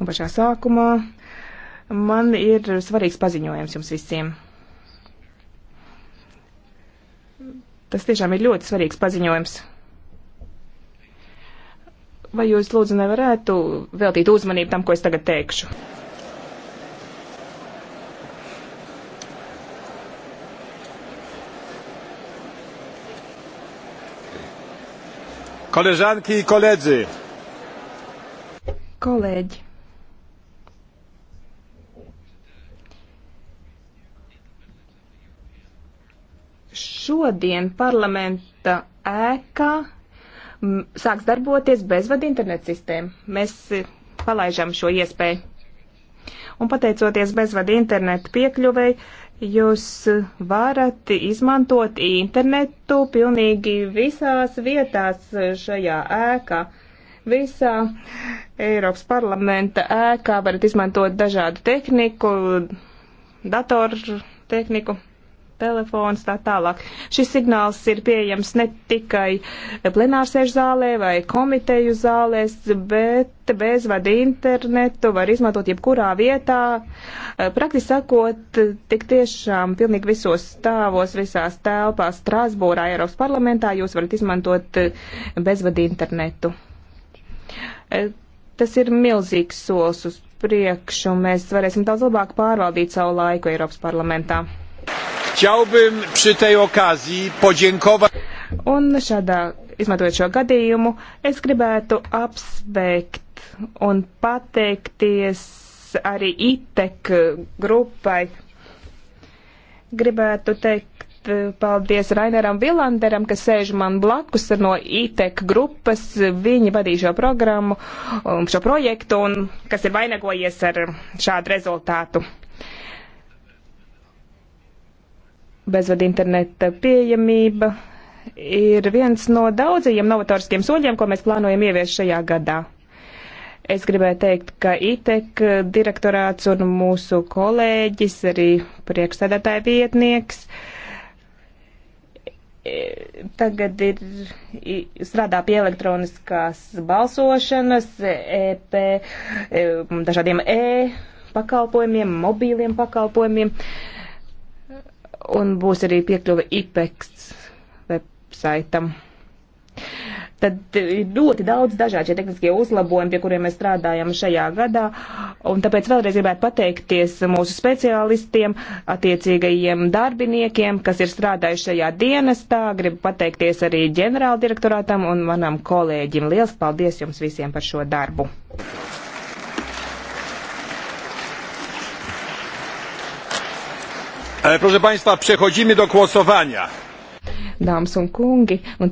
Un pašā sākumā man ir svarīgs paziņojums jums visiem. Tas tiešām ir ļoti svarīgs paziņojums. Vai jūs lūdzu nevarētu veltīt uzmanību tam, ko es tagad teikšu? Koleżanki i koledzy. Koledzy. šodien parlamenta ēkā sāks darboties bezvadu internetu sistēma. Mēs e, palaižam šo iespēju. Un pateicoties bezvadu internetu piekļuvei, jūs e, varat izmantot internetu pilnīgi visās vietās e, šajā ēkā. Visā Eiropas parlamenta ēkā varat izmantot dažādu tehniku, datoru tehniku, telefons, tā tālāk. Šis signāls ir pieejams ne tikai plenārsēžu zālē vai komiteju zālēs, bet bezvada internetu var izmantot jebkurā vietā. Praktiski sakot, tik tiešām pilnīgi visos stāvos, visās telpās, Strasbūrā, Eiropas parlamentā jūs varat izmantot bezvada internetu. Tas ir milzīgs solis uz priekšu. Mēs varēsim daudz labāk pārvaldīt savu laiku Eiropas parlamentā. Chciałbym przy tej okazji podziękować. Un šādā, izmantojot šo gadījumu, es gribētu apsveikt un pateikties arī ITEK grupai. Gribētu teikt eh, paldies Raineram Vilanderam, kas sēž man blakus no ITEK grupas. Viņi vadīja šo programmu, um, šo projektu, un kas ir vainagojies ar šādu rezultātu. bezvadu interneta pieejamība ir viens no daudzajiem novatoriskiem soļiem, ko mēs plānojam ieviest šajā gadā. Es gribēju teikt, ka ITEK direktorāts un mūsu kolēģis, arī priekšsēdētāja vietnieks, e, tagad ir strādā pie elektroniskās balsošanas, EP, e, dažādiem E pakalpojumiem, mobīliem pakalpojumiem. Uh, un būs arī piekļuve IPEX websaitam. Tad ir ļoti daudz dažādi šie tehniskie uzlabojumi, pie kuriem mēs strādājam šajā gadā, un tāpēc vēlreiz gribētu pateikties mūsu speciālistiem, attiecīgajiem darbiniekiem, kas ir strādājuši šajā dienestā. Gribu pateikties arī ģenerāldirektorātam un manam kolēģim. Liels paldies jums visiem par šo darbu! E, proszę Państwa, przechodzimy do głosowania. Dāmas un kungi, un